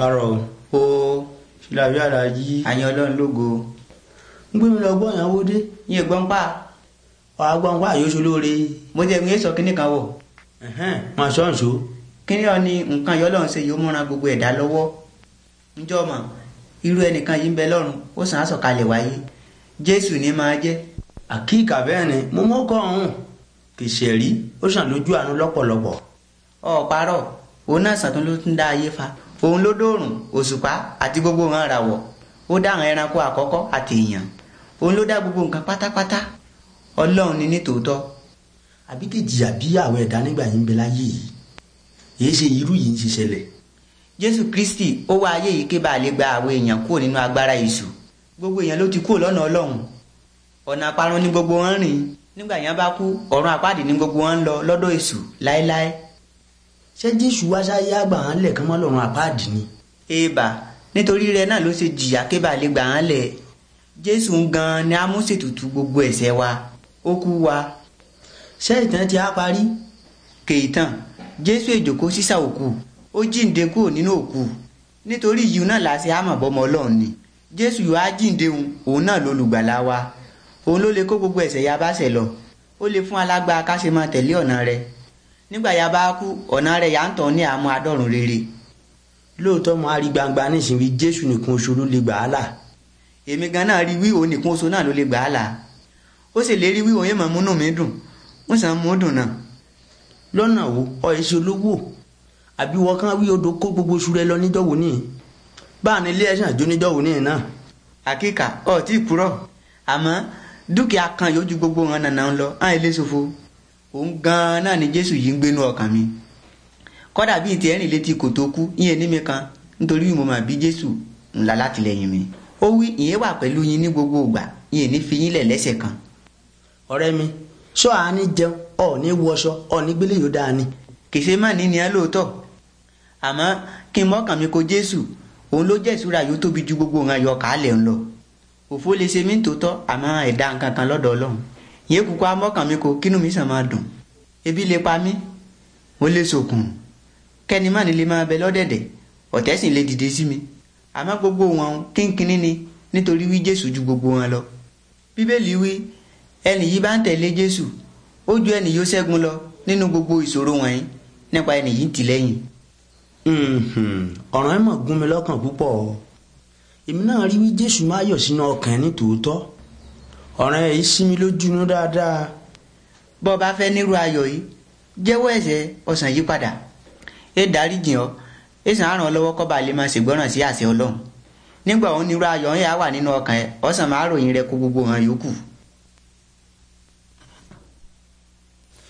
rárá o ó ṣílàbí àlàjí àyìn ọlọ́run lógo ń gbé mi lọ gbọ́ ìyàwó dé ní ẹ̀gbọ́n pa wàá gbọ́n pa àyóṣo lóore mo jẹ́ ìwé sọ kínní kan wọ̀ mà ṣọ́ǹṣó kínní ọ ni nǹkan múra gbogbo ẹ̀dá lọ́wọ́ mà irú ẹnìkan yìí ń bẹ ó sàn wáyé jésù ní máa jẹ́ àkíkà bẹ́ẹ̀ òun ló dóòrùn òṣùpá àti gbogbo nǹkan ràwọ̀ ó dá àwọn ẹranko akọkọ àti èèyàn òun ló dá gbogbo nǹkan pátápátá ọlọ́run ni nítòótọ́. àbítèjì àbí àwọn ẹ̀dá nígbà yìí ń bẹ láyé yìí èyí ṣe irú yìí ń ṣiṣẹlẹ̀. jésù kristi ó wá ayé yìí ké bá gba àwọn èèyàn kúrò nínú agbára èṣù gbogbo èèyàn ló ti kúrò lọ́nà ọlọ́run ọ̀nà ni gbogbo wọn rìn nígbà yẹn bá ṣé jésù wá sáyé àgbà hàn lẹ̀ kán mọ́ lọ́rùn àpáàdì ni. èèbà nítorí rẹ̀ náà ló ṣe jìyà kébà lè gbà hàn lẹ̀ jésù gan-an ni amúṣètùtù gbogbo ẹ̀ṣẹ̀ wa ó kú wa. ṣé ìtàn ti á parí. kèétàn jésù èjòkó sísà òkú ó jíǹde kúrò nínú òkú nítorí yìí náà la ṣe àmọ̀ bọ́mọ ọlọ́run ni jésù yóò á jíǹde òun òun náà lolùgbàlà wa òun ló lè kó gbogbo ẹ̀ṣẹ̀ yabáṣẹ̀ lọ ó lè fún alágbá ká ṣe máa tẹ̀lé ọ̀nà rẹ̀ nígbà yà bá kú ọ̀nà rẹ̀ yà ń tàn ní àmọ́ adọ́rùn rere. lóòótọ́ mo á rí gbangba nísìnyí jésù nìkan oṣù ló lè gbà á là. èmi gan náà rí wíwo nìkan oṣù náà ló lè gbà á là. ó sì lérí wíwo yẹn mọ̀ múnú mi dùn ó sì ń mú dùn náà. lọ́nà wo ọ èsì olówó àbí wọ́n kàn wí odò báà ní ilé àjò níjọ́ wo níyì àkíkà ọ̀ tí ì kúrọ̀ àmọ́ dúkìá kan yóò ju gbogbo wọn nànà ń lọ á ilé ṣòfò òun gan-an náà ni jésù yìí ń gbénú ọkàn mi kọ́dà bíi ti ẹ̀rìn létí kò tó kú ìyẹn ní mi kan nítorí mo mà bí jésù ńlá látìlẹ́yìn mi ó wí ìyẹn wà pẹ̀lú yín ní gbogbo ìgbà ìyẹn ní fi yín lẹ̀ lẹ́sẹ̀ kan. ọ̀rẹ́ mi ṣọ́ àání jẹun ọ̀ọ́ni wọṣọ ọ̀ọ́ni gbélé yóò dáa ni. kèsè má ní á lóòótọ́ àmọ́ kí n mọ́kàn mi kó jésù òun ló jẹ́ ìṣúra yóò tóbi ju gbogbo yéé kúkú amọ́kàn mi kò kínú mi sàn máa dùn ebi lè pa mí mo lè sòkùn kẹ́ni má nílé máa bẹ lọ́dẹ̀dẹ̀ ọ̀tẹ̀ sì lè dìde sí mi àmọ́ gbogbo wọn kínkínní ni nítorí wí Jésù ju gbogbo wọn lọ bíbélì wí ẹnì yìí bá ń tẹ̀lé Jésù ó ju ẹnì yóò ṣẹ́gun lọ nínú gbogbo ìṣòro wọ̀nyí nípa ẹnì yìí tì lẹ́yìn. ọ̀ràn ẹ̀ mọ̀ gún mi lọ́kàn púpọ̀ èmi náà rí wí Jésù máa yọ̀ sínú ọkàn ẹ̀ ní ọ̀ràn ẹ̀ yìí sí mi lójúnú dáadáa. bọ́ ọ bá fẹ́ nírú ayọ̀ yìí jẹ́wọ́ ẹ̀ṣẹ̀ ọ̀sán yí padà ẹ dáríjì ọ́ ẹ sàn àrùn ọlọ́wọ́ kọ́ bá lè máa ṣègbọ́ràn sí àṣẹ ọlọ́run nígbà òun nírú ayọ̀ ń wà nínú ọkàn ẹ̀ ọ̀sán máa ròyìn rẹ kó gbogbo hàn yòókù.